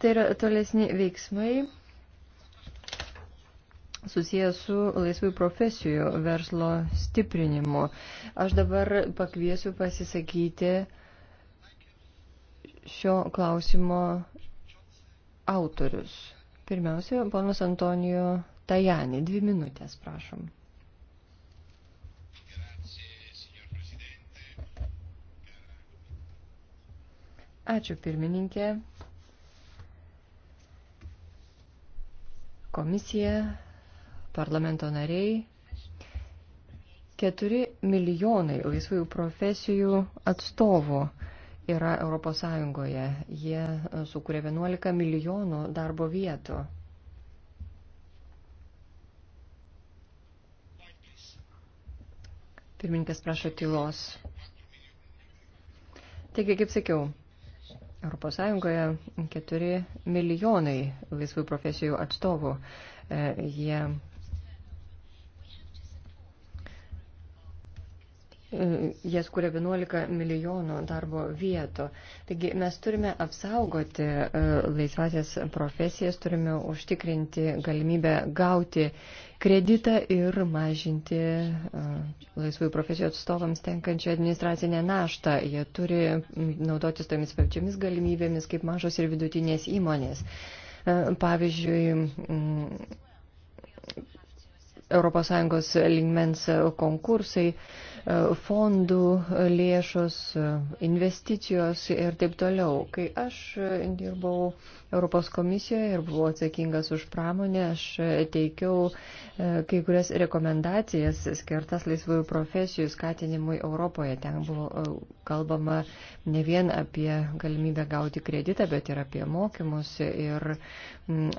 Tai yra tolesni veiksmai susijęs su laisvųjų profesijų verslo stiprinimu. Aš dabar pakviesiu pasisakyti šio klausimo autorius. Pirmiausia, ponas Antonijo Tajani. Dvi minutės, prašom. Ačiū pirmininkė. Komisija, parlamento nariai, 4 milijonai laisvųjų profesijų atstovų yra Europos Sąjungoje. Jie e, sukūrė 11 milijonų darbo vietų. Pirmininkas prašo tylos. Taigi, kaip sakiau, Europos Sąjungoje 4 milijonai laisvų profesijų atstovų. E, jie Jas kuria 11 milijonų darbo vietų. Taigi mes turime apsaugoti e, laisvasias profesijas, turime užtikrinti galimybę gauti kreditą ir mažinti e, laisvųjų profesijų atstovams tenkančią administracinę naštą. Jie turi naudotis tomis pačiomis galimybėmis kaip mažos ir vidutinės įmonės. E, pavyzdžiui, ES lygmens e, konkursai, e, fondų e, lėšos, investicijos ir taip toliau. Kai aš dirbau Europos komisijoje ir buvau atsakingas už pramonę, aš teikiau kai kurias rekomendacijas skirtas laisvųjų profesijų skatinimui Europoje. Ten buvo kalbama ne vien apie galimybę gauti kreditą, bet ir apie mokymus ir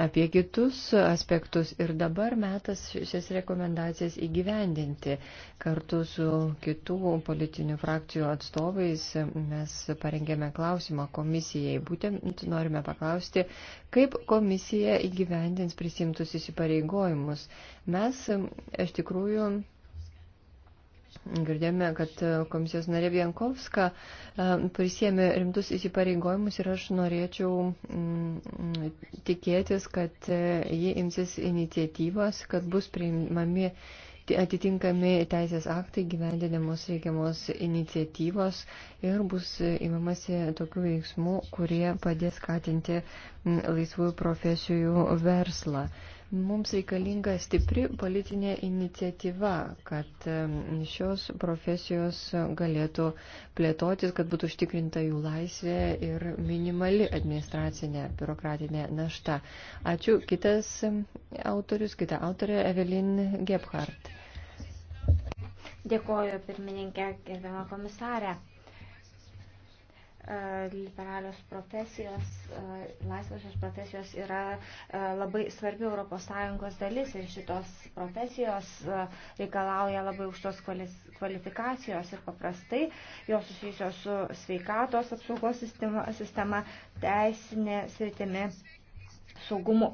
apie kitus aspektus ir dabar metas šias rekomendacijas įgyvendinti. Kartu su kitų politinių frakcijų atstovais mes parengėme klausimą komisijai. Būtent norime paklausti, kaip komisija įgyvendins prisimtus įsipareigojimus. Mes iš tikrųjų Girdėjome, kad e, komisijos narė Bienkovska e, prisėmė rimtus įsipareigojimus ir aš norėčiau mm, tikėtis, kad e, ji imsis iniciatyvos, kad bus priimami atitinkami teisės aktai gyvendinamos reikiamos iniciatyvos ir bus imamasi tokių veiksmų, kurie padės skatinti laisvųjų profesijų verslą. Mums reikalinga stipri politinė iniciatyva, kad šios profesijos galėtų plėtotis, kad būtų užtikrinta jų laisvė ir minimali administracinė biurokratinė našta. Ačiū. Kitas autorius, kita autorė Evelin Gebhardt. Dėkoju pirmininkė, gerbama komisarė. E, liberalios profesijos, e, laisvosios profesijos yra e, labai svarbi ES dalis ir šitos profesijos reikalauja labai aukštos kvalifikacijos ir paprastai jos susijusios su sveikatos apsaugos sistema, sistema teisinė sritimi saugumu.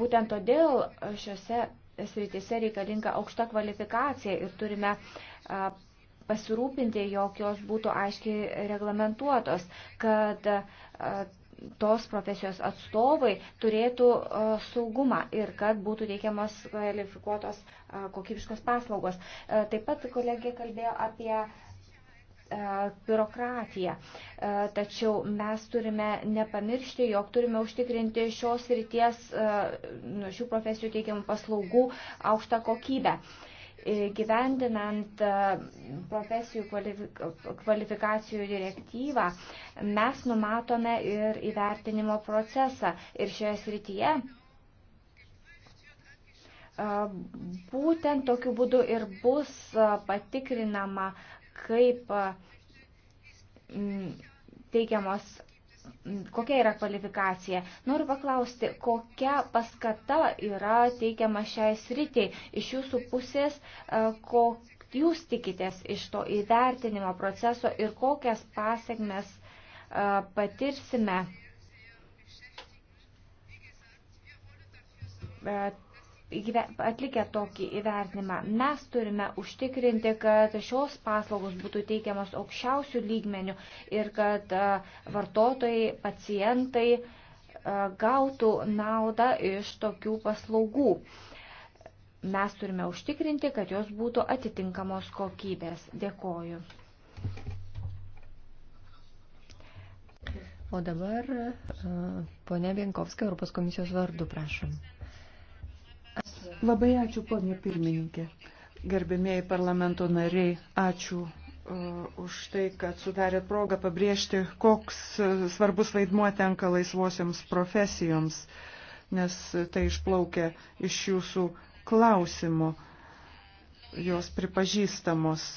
Būtent todėl šiuose sritise reikalinga aukšta kvalifikacija ir turime pasirūpinti, jog jos būtų aiškiai reglamentuotos, kad tos profesijos atstovai turėtų saugumą ir kad būtų teikiamos kvalifikuotos kokybiškos paslaugos. Taip pat kolegė kalbėjo apie biurokratiją. Tačiau mes turime nepamiršti, jog turime užtikrinti šios ryties, nu, šių profesijų teikiamų paslaugų aukštą kokybę gyvendinant e, profesijų kvalifikacijų direktyvą, mes numatome ir įvertinimo procesą. Ir šioje srityje e, būtent tokiu būdu ir bus e, patikrinama, kaip teikiamos kokia yra kvalifikacija. Noriu paklausti, kokia paskata yra teikiama šiai sritiai iš jūsų pusės, e, kokia jūs tikitės iš to įvertinimo proceso ir kokias pasiekmes e, patirsime. Bet atlikę tokį įvertinimą, mes turime užtikrinti, kad šios paslaugos būtų teikiamos aukščiausių lygmenių ir kad vartotojai, pacientai gautų naudą iš tokių paslaugų. Mes turime užtikrinti, kad jos būtų atitinkamos kokybės. Dėkoju. O dabar ponia Vienkovska, Europos komisijos vardu, prašom. Labai ačiū, ponė pirmininkė. Gerbėmėjai parlamento nariai, ačiū e, už tai, kad sudarėt progą pabrėžti, koks svarbus vaidmuo tenka laisvosioms profesijoms, nes tai išplaukia iš jūsų klausimų, jos pripažįstamos.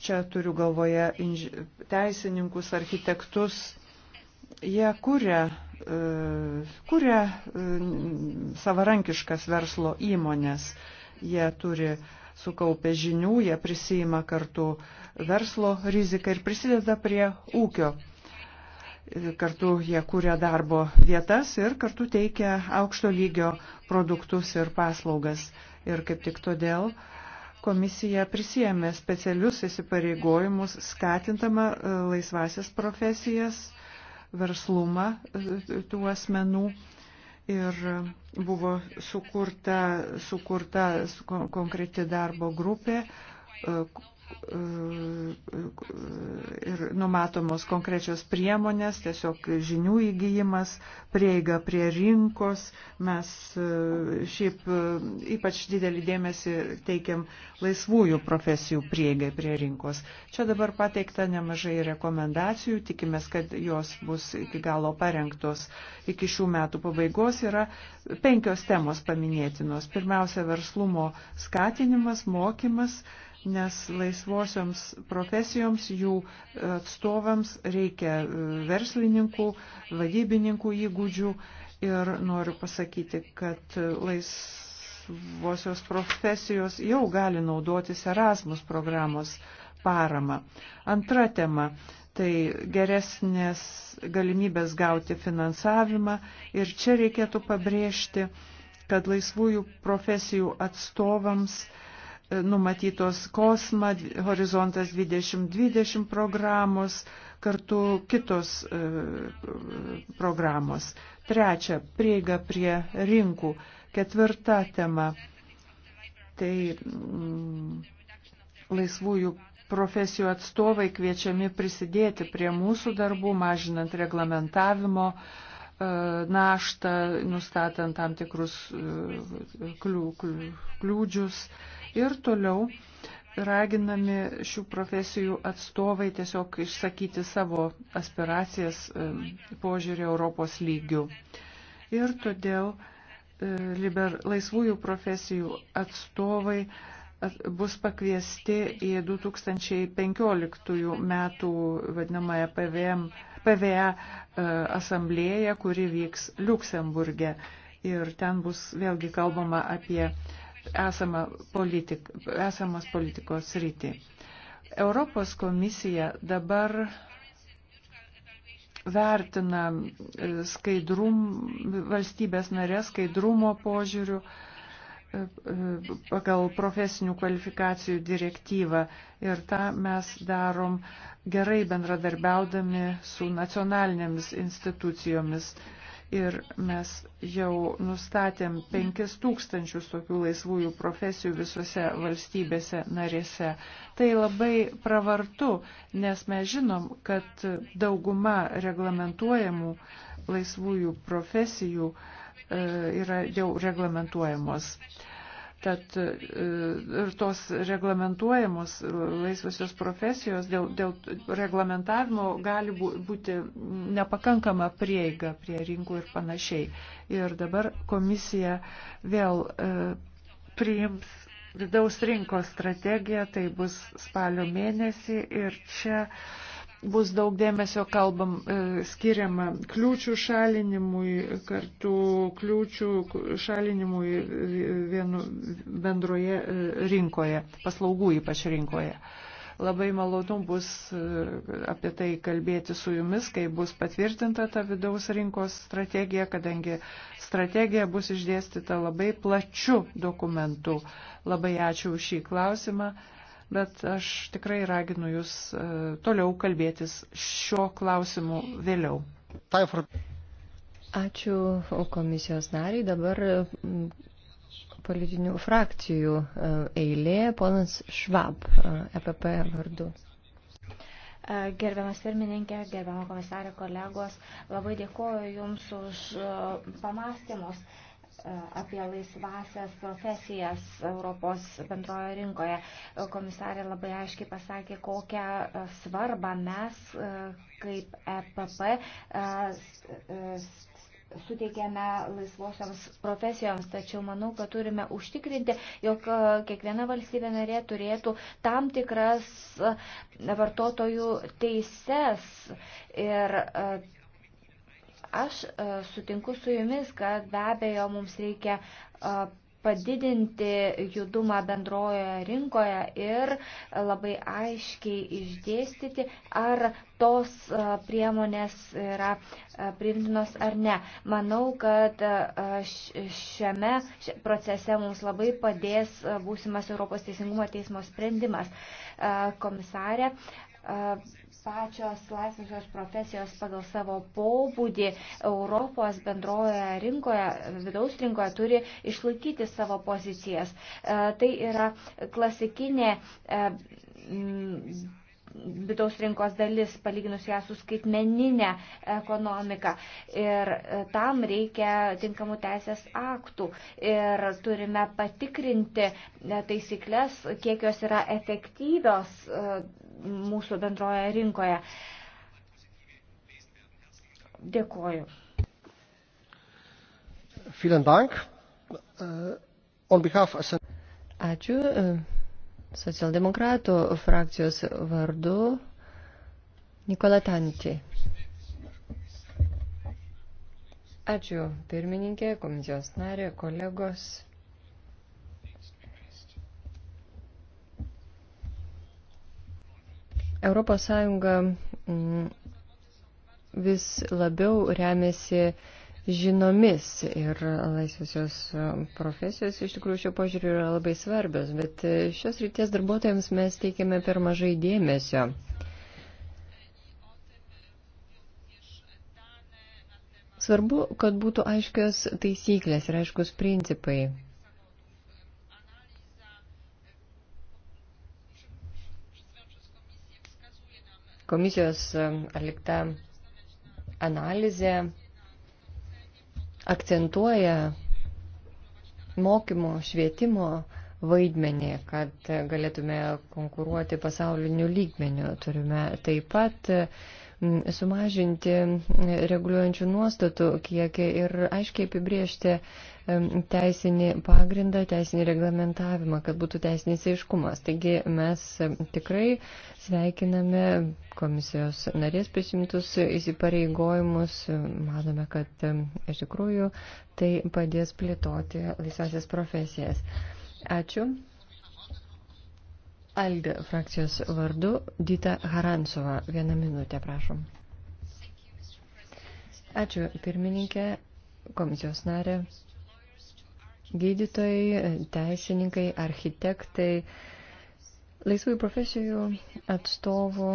Čia turiu galvoje teisininkus, architektus. Jie kuria E, kuria e, savarankiškas verslo įmonės. Jie turi sukaupę žinių, jie prisima kartu verslo riziką ir prisideda prie ūkio. Kartu jie kūrė darbo vietas ir kartu teikia aukšto lygio produktus ir paslaugas. Ir kaip tik todėl komisija prisėmė specialius įsipareigojimus skatintama e, laisvasias profesijas verslumą e, tų asmenų ir buvo sukurta, sukurta konkreti darbo grupė, e, ir numatomos konkrečios priemonės, tiesiog žinių įgyjimas, prieiga prie rinkos. Mes e, šiaip e, ypač didelį dėmesį teikiam laisvųjų profesijų prieigai prie rinkos. Čia dabar pateikta nemažai rekomendacijų, tikimės, kad jos bus iki galo parengtos iki šių metų pabaigos. Yra penkios temos paminėtinos. Pirmiausia, verslumo skatinimas, mokymas, nes laisvųjų laisvosioms profesijoms, jų atstovams reikia e, verslininkų, vadybininkų įgūdžių ir noriu pasakyti, kad laisvosios profesijos jau gali naudotis Erasmus programos parama. Antra tema tai geresnės galimybės gauti finansavimą. Ir čia reikėtų pabrėžti, kad laisvųjų profesijų atstovams uh, numatytos kosma, horizontas 2020 programos, kartu kitos e, programos. Trečia, prieiga prie rinkų. Ketvirta tema - tai mm, laisvųjų profesijų atstovai kviečiami prisidėti prie mūsų darbų, mažinant reglamentavimo e, naštą, nustatant tam tikrus e, kliū, kliū, kliūdžius. Kliū, Ir toliau raginami šių profesijų atstovai tiesiog išsakyti savo aspiracijas e, požiūrį Europos lygių. Ir todėl e, liber, laisvųjų profesijų atstovai bus pakviesti į 2015 metų vadinamąją PVM, PVA e, asamblėją, kuri vyks Luksemburgė. Ir ten bus vėlgi kalbama apie uh, esamą politik, esamos politikos rytį. Europos komisija dabar vertina skaidrum, valstybės narės skaidrumo požiūrių pagal profesinių kvalifikacijų direktyvą ir tą mes darom gerai bendradarbiaudami su nacionalinėmis institucijomis ir mes jau nustatėm 5000 tokių laisvųjų profesijų visose valstybėse narėse. Tai labai pravartu, nes mes žinom, kad dauguma reglamentuojamų laisvųjų profesijų e, yra jau reglamentuojamos. Tad e, ir tos reglamentuojamos laisvosios profesijos dėl, dėl reglamentavimo gali būti nepakankama prieiga prie rinkų ir panašiai. Ir dabar komisija vėl e, priims vidaus rinkos strategiją, tai bus spalio mėnesį ir čia bus daug dėmesio kalbam e, skiriama kliūčių šalinimui, kartu kliūčių šalinimui vienu, bendroje e, rinkoje, paslaugų ypač rinkoje. Labai malonu bus e, apie tai kalbėti su jumis, kai bus patvirtinta ta vidaus rinkos strategija, kadangi strategija bus išdėstyta labai plačiu dokumentu. Labai ačiū už šį klausimą bet aš tikrai raginu jūs e, toliau kalbėtis šio klausimu vėliau. Ačiū komisijos nariai. Dabar mm, politinių frakcijų e, eilė, ponas Švab, EPP e vardu. Gerbiamas pirmininkė, gerbiamą komisarį kolegos, labai dėkoju Jums už pamastymus. Uh, apie laisvasias profesijas Europos bendrojo rinkoje. Komisarė labai aiškiai pasakė, kokią svarbą mes e, kaip EPP e, e, suteikėme laisvosioms profesijoms, tačiau manau, kad turime užtikrinti, jog kiekviena valstybė narė turėtų tam tikras vartotojų teises ir Aš e, sutinku su jumis, kad be abejo mums reikia e, padidinti judumą bendrojoje rinkoje ir e, labai aiškiai išdėstyti, ar tos priemonės yra priimtinos ar ne. Manau, kad šiame procese mums labai padės būsimas Europos Teisingumo teismo sprendimas. Komisarė, pačios laisvosios profesijos pagal savo pobūdį Europos bendrojoje rinkoje, vidaus rinkoje turi išlaikyti savo pozicijas. E, tai yra klasikinė e, vidaus rinkos dalis, palyginus ją su skaitmeninė ekonomika. Ir e, tam reikia tinkamų teisės aktų. Ir turime patikrinti taisyklės, kiek jos yra efektyvios mūsų bendroje rinkoje. Dėkoju. Vielen Dank. Äh, on behalf of... Ačiū. E, socialdemokratų frakcijos vardu Nikola Tanti. Ačiū pirmininkė, komisijos narė, kolegos. Europos Sąjunga mm, vis labiau remiasi žinomis ir laisvosios e, profesijos iš tikrųjų šio požiūriu yra labai svarbios, bet e, šios ryties darbuotojams mes teikiame per mažai dėmesio. Svarbu, kad būtų aiškios taisyklės ir aiškus principai. Komisijos atlikta analizė akcentuoja mokymo, švietimo vaidmenį, kad galėtume konkuruoti pasauliniu lygmeniu. Turime taip pat sumažinti reguliuojančių nuostatų kiekį ir aiškiai apibriežti teisinį pagrindą, teisinį reglamentavimą, kad būtų teisinis aiškumas. Taigi mes tikrai sveikiname komisijos narės prisimtus įsipareigojimus. Manome, kad iš tikrųjų tai padės plėtoti laisvasias profesijas. Ačiū. Alde frakcijos vardu Dita Haransova. Vieną minutę, prašom. Ačiū, pirmininkė, komisijos narė. Gydytojai, teisininkai, architektai, laisvųjų profesijų atstovų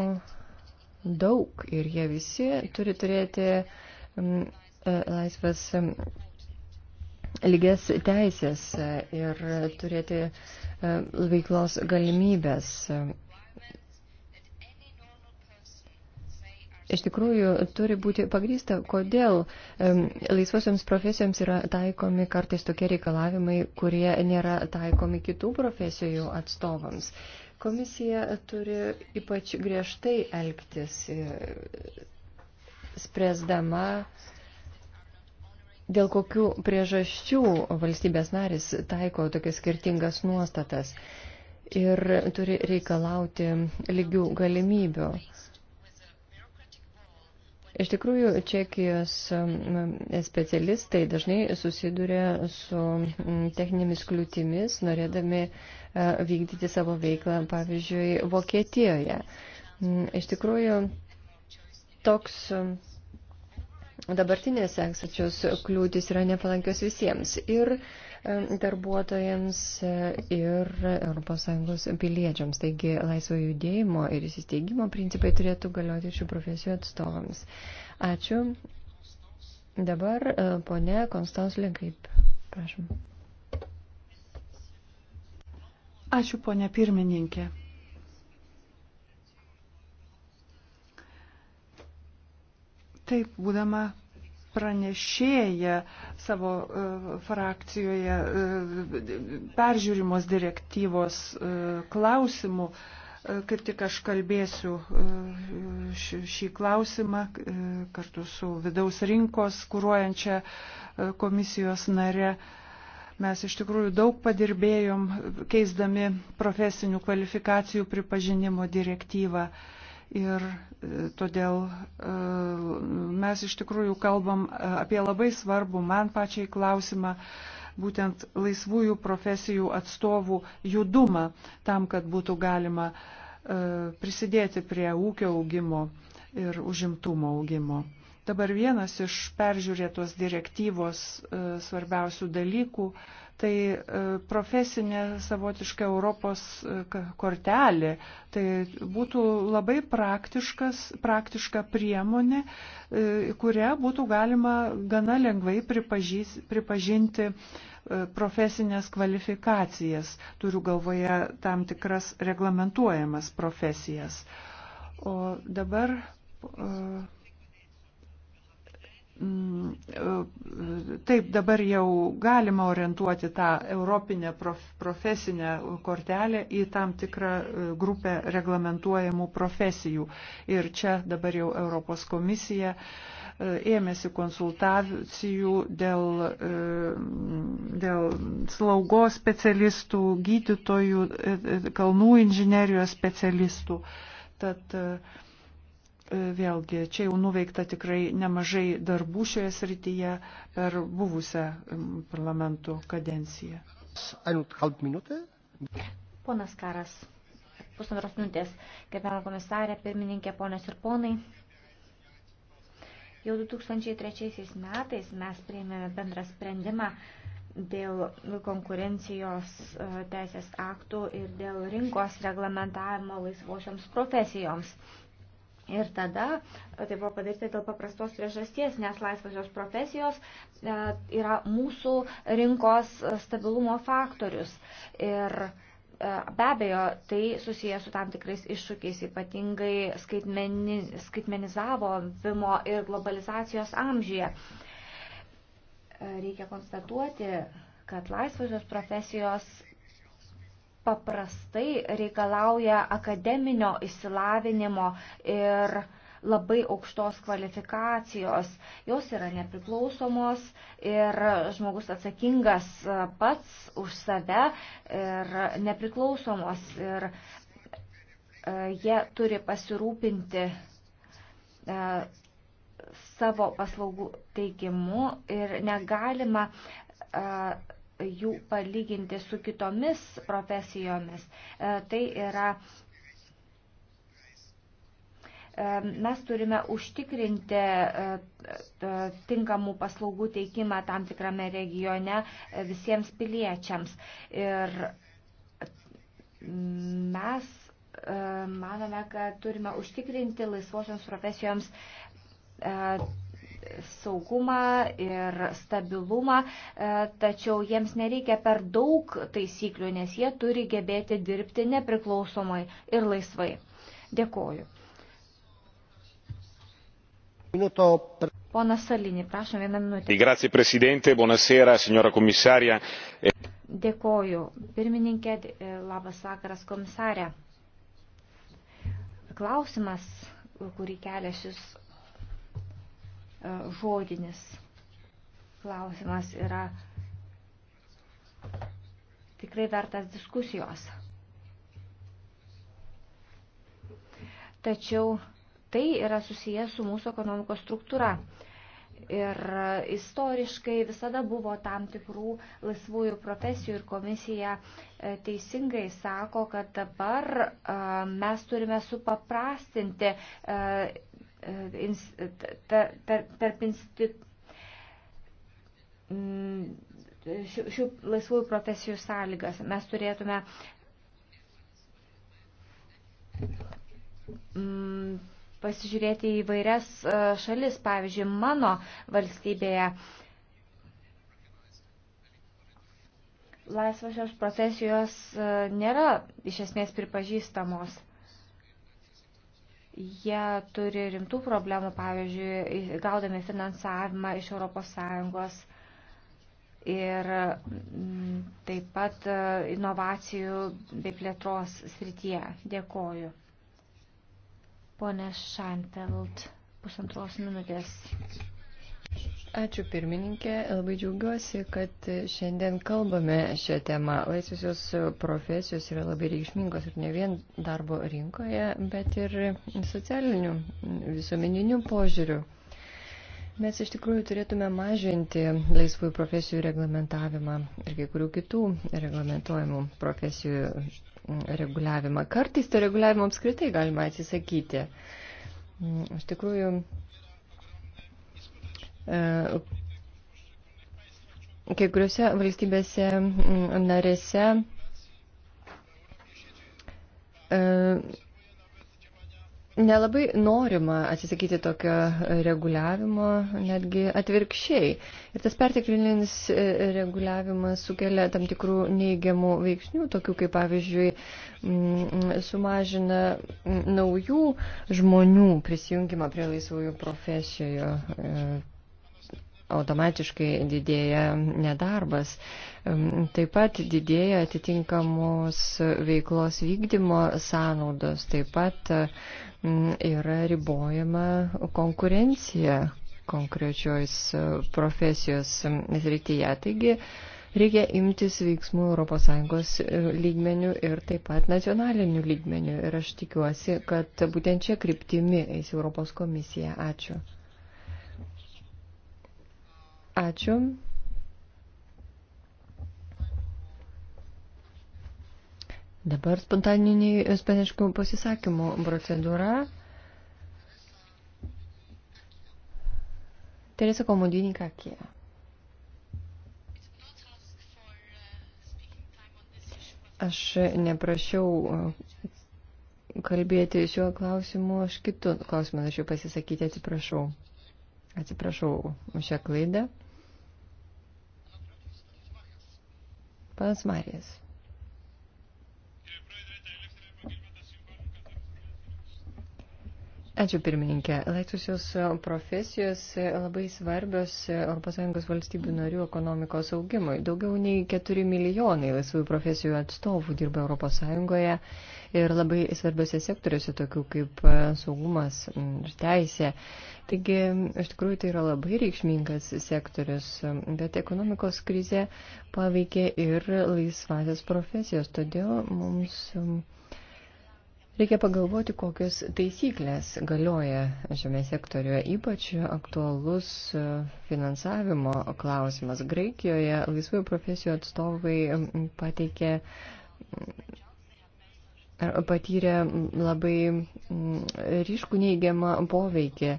daug ir jie visi turi turėti mm, e, laisvas lygias teisės ir turėti e, veiklos galimybės. Iš tikrųjų, turi būti pagrįsta, kodėl um, laisvosioms profesijoms yra taikomi kartais tokie reikalavimai, kurie nėra taikomi kitų profesijų atstovams. Komisija turi ypač griežtai elgtis, e, spręsdama uh, dėl kokių priežasčių valstybės narys taiko tokias skirtingas nuostatas ir turi reikalauti lygių galimybių. Iš tikrųjų, Čekijos specialistai dažnai susiduria su techninėmis kliūtimis, norėdami e, vykdyti savo veiklą, pavyzdžiui, Vokietijoje. Iš tikrųjų, toks dabartinės eksačios kliūtis yra nepalankios visiems ir e, darbuotojams, e, ir ES piliečiams. Taigi laisvo judėjimo ir įsisteigimo principai turėtų galioti šių profesijų atstovams. Ačiū. Dabar e, ponė Konstans Lenkaip. Prašom. Ačiū ponė pirmininkė. Taip, būdama pranešėja savo e, frakcijoje e, peržiūrimos direktyvos e, klausimų. Kaip tik aš kalbėsiu šį klausimą kartu su vidaus rinkos kūruojančia komisijos nare. Mes iš tikrųjų daug padirbėjom keisdami profesinių kvalifikacijų pripažinimo direktyvą. Ir e, todėl e, mes iš tikrųjų kalbam e, apie labai svarbų man pačiai klausimą, būtent laisvųjų profesijų atstovų judumą tam, kad būtų galima prisidėti prie ūkio augimo ir užimtumo augimo. Dabar vienas iš peržiūrėtos direktyvos svarbiausių dalykų Tai e, profesinė savotiška Europos e, kortelė, tai būtų labai praktiška priemonė, e, kurią būtų galima gana lengvai pripažinti profesinės kvalifikacijas, turiu galvoje tam tikras reglamentuojamas profesijas. O dabar Mm, e, taip, dabar jau galima orientuoti tą europinę prof, profesinę kortelę į tam tikrą e, grupę reglamentuojamų profesijų. Ir čia dabar jau Europos komisija e, ėmėsi konsultacijų dėl, dėl slaugos specialistų, gydytojų, kalnų inžinerijos specialistų. Tad, uh, E, vėlgi, čia jau nuveikta tikrai nemažai darbų šioje srityje per buvusią parlamento kadenciją. Ponas Karas, pusantros minutės, gerbiamą komisarę, pirmininkė, ponės ir ponai. Jau 2003 metais mes priėmėme bendrą sprendimą dėl konkurencijos e, teisės aktų ir dėl rinkos reglamentavimo laisvosioms profesijoms. Ir tada e, tai buvo padaryti dėl paprastos priežasties, nes laisvosios profesijos e, yra mūsų rinkos e, stabilumo faktorius. Ir be abejo, tai susijęs su tam tikrais iššūkiais, ypatingai skaitmeni, skaitmenizavimo ir globalizacijos amžyje. Reikia konstatuoti, kad laisvosios profesijos paprastai reikalauja akademinio išsilavinimo ir labai aukštos kvalifikacijos. Jos yra nepriklausomos ir žmogus atsakingas pats už save ir nepriklausomos ir e, jie turi pasirūpinti e, savo paslaugų teikimu ir negalima e, jų palyginti su kitomis profesijomis. E, tai yra, e, mes turime užtikrinti e, tinkamų paslaugų teikimą tam tikrame regione visiems piliečiams. Ir mes manome, kad turime užtikrinti laisvosioms profesijoms saugumą ir stabilumą, e, tačiau jiems nereikia per daug taisyklių, nes jie turi gebėti dirbti nepriklausomai ir laisvai. Dėkoju. Ponas Salinį, prašom vieną minutę. Grazie, prezidente, buonasera, signora komisarė. E- Dėkoju. Pirmininkė, e, labas vakaras komisarė. Klausimas, kurį kelia šis E, žodinis klausimas yra tikrai vertas diskusijos. Tačiau tai yra susijęs su mūsų ekonomikos struktūra. Ir istoriškai visada buvo tam tikrų laisvųjų profesijų ir komisija e, teisingai sako, kad dabar e, mes turime supaprastinti tarp institucijų mm, šių, šių laisvųjų profesijų sąlygas. Mes turėtume mm, pasižiūrėti į vairias e, šalis, pavyzdžiui, mano valstybėje. Laisvosios profesijos e, nėra iš esmės pripažįstamos jie turi rimtų problemų, pavyzdžiui, gaudami finansavimą iš ES ir mm, taip pat e, inovacijų bei plėtros srityje. Dėkoju. Pone Šantelt, pusantros minutės. Ačiū pirmininkė, labai džiaugiuosi, kad šiandien kalbame šią temą. Laisvosios profesijos yra labai reikšmingos ir ne vien darbo rinkoje, bet ir socialinių, visuomeninių požiūrių. Mes iš tikrųjų turėtume mažinti laisvųjų profesijų reglamentavimą ir kai kurių kitų reglamentuojamų profesijų reguliavimą. Kartais to reguliavimo apskritai galima atsisakyti. Iš tikrųjų, E, kai kuriuose valstybėse mm, narėse e, nelabai norima atsisakyti tokio reguliavimo, netgi atvirkščiai. Ir tas perteklinis e, reguliavimas sukelia tam tikrų neigiamų veiksnių, tokių kaip pavyzdžiui mm, sumažina mm, naujų žmonių prisijungimą prie laisvųjų profesijų automatiškai didėja nedarbas. Taip pat didėja atitinkamos veiklos vykdymo sąnaudos, taip pat yra ribojama konkurencija konkrečios profesijos srityje. Taigi, reikia imtis veiksmų ES e, lygmenių ir taip pat nacionalinių lygmenių. Ir aš tikiuosi, kad būtent čia kryptimi eis Europos komisija. Ačiū. Ačiū. Dabar spontaniniai ispaniškų pasisakymų procedūra. Teresa Komodini Kakija. Aš neprašiau uh, kalbėti šiuo klausimu, aš kitų klausimų norėčiau pasisakyti, atsiprašau. Atsiprašau šią klaidą. Panas Marijas. Ačiū pirmininkė. Laisvusios profesijos labai svarbios ES valstybių narių ekonomikos augimui. Daugiau nei 4 milijonai laisvųjų profesijų atstovų dirba ES ir labai svarbiose sektoriuose, tokių kaip saugumas ir teisė. Taigi, iš tikrųjų, tai yra labai reikšmingas sektorius, bet ekonomikos krizė paveikė ir laisvasias profesijas, todėl mums Reikia pagalvoti, kokios taisyklės galioja šiame sektoriuje. Ypač aktualus e, finansavimo klausimas. Graikijoje laisvųjų profesijų atstovai pateikė, patyrė labai ryškų neigiamą poveikį.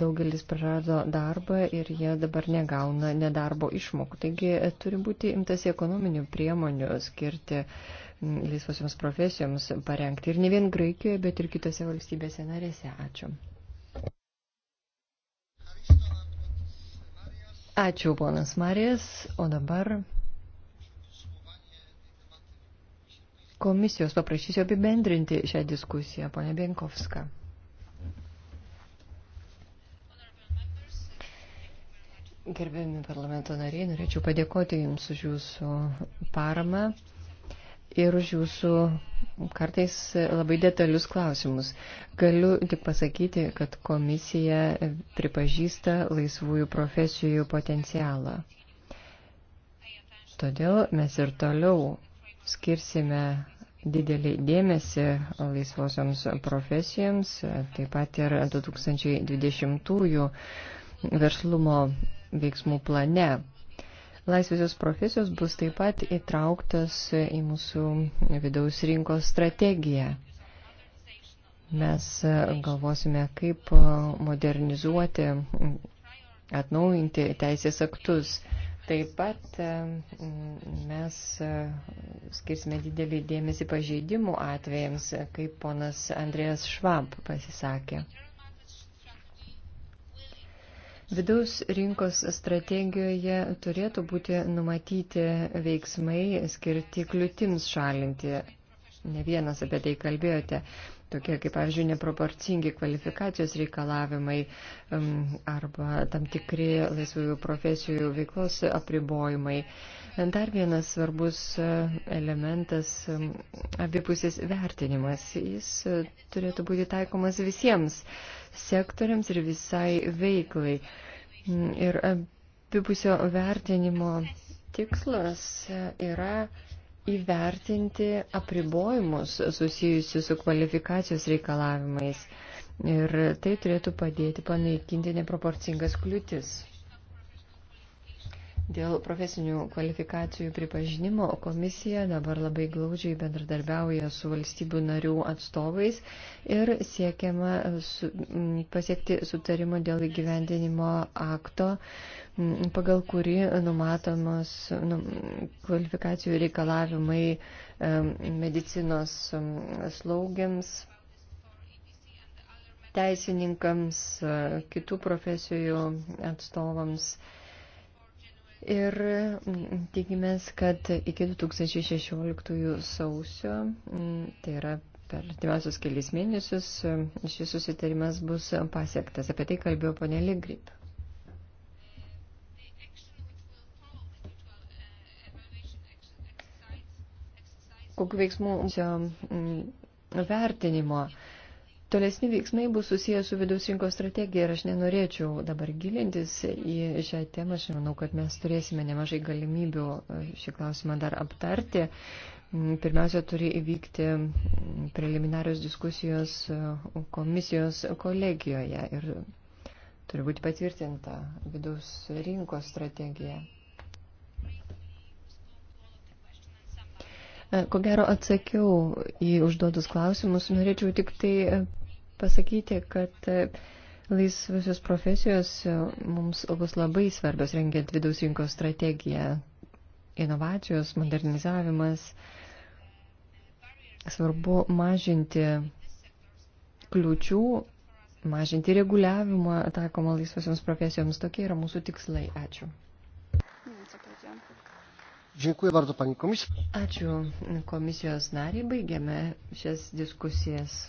Daugelis prarado darbą ir jie dabar negauna nedarbo išmokų. Taigi e, turi būti imtasi ekonominių priemonių skirti uh, laisvosioms profesijoms parengti. Ir ne vien Graikijoje, bet ir kitose valstybėse narėse. Ačiū. Ačiū, ponas Marijas. O dabar komisijos paprašysiu apibendrinti šią diskusiją, ponė Benkovska. Gerbiami parlamento nariai, norėčiau padėkoti Jums už Jūsų paramą ir už jūsų kartais labai detalius klausimus. Galiu tik pasakyti, kad komisija pripažįsta laisvųjų profesijų potencialą. Todėl mes ir toliau skirsime didelį dėmesį laisvosioms profesijoms, taip pat ir 2020 verslumo veiksmų plane Laisvėsios profesijos bus taip pat įtrauktas į mūsų vidaus rinkos strategiją. Mes galvosime, kaip modernizuoti, atnaujinti teisės aktus. Taip pat mm, mes skirsime didelį dėmesį pažeidimų atvejams, kaip ponas Andrėjas Švab pasisakė. Vidaus rinkos strategijoje turėtų būti numatyti veiksmai skirti kliūtims šalinti. Ne vienas apie tai kalbėjote. Tokie kaip, pavyzdžiui, neproporcingi kvalifikacijos reikalavimai um, arba tam tikri laisvųjų profesijų veiklos apribojimai. Dar vienas svarbus e, elementas e, - abipusis vertinimas. Jis e, turėtų būti taikomas visiems sektoriams ir visai veiklai. Mm, ir abipusio vertinimo tikslas yra įvertinti apribojimus susijusius su kvalifikacijos reikalavimais. Ir tai turėtų padėti panaikinti neproporcingas kliūtis. Dėl profesinių kvalifikacijų pripažinimo komisija dabar labai glaudžiai bendradarbiauja su valstybių narių atstovais ir siekiama su, pasiekti sutarimo dėl įgyvendinimo akto, pagal kurį numatomos nu, kvalifikacijų reikalavimai medicinos slaugiams, teisininkams, kitų profesijų atstovams Ir mm, tikimės, kad iki 2016 sausio, mm, tai yra per artimiausius kelias mėnesius, šis susitarimas bus pasiektas. Apie tai kalbėjo ponė Ligrip. Kokiu veiksmu mm, vertinimo Tolesni veiksmai bus susijęs su vidaus rinkos strategija ir aš nenorėčiau dabar gilintis į šią temą. Aš manau, kad mes turėsime nemažai galimybių e, šį klausimą dar aptarti. Mm, pirmiausia, turi įvykti preliminarios diskusijos e, komisijos kolegijoje ir turi būti patvirtinta vidaus rinkos strategija. E, ko gero atsakiau į užduotus klausimus, norėčiau tik tai pasakyti, kad e, laisvusios profesijos e, mums bus labai svarbios rengiant vidaus rinkos strategiją. Inovacijos, modernizavimas. Svarbu mažinti kliučių, mažinti reguliavimą taikomą laisvosioms profesijoms. Tokie yra mūsų tikslai. Ačiū. Dziękuję bardzo pani komisarz. Ačiū komisijos nariai. Baigiame šias diskusijas.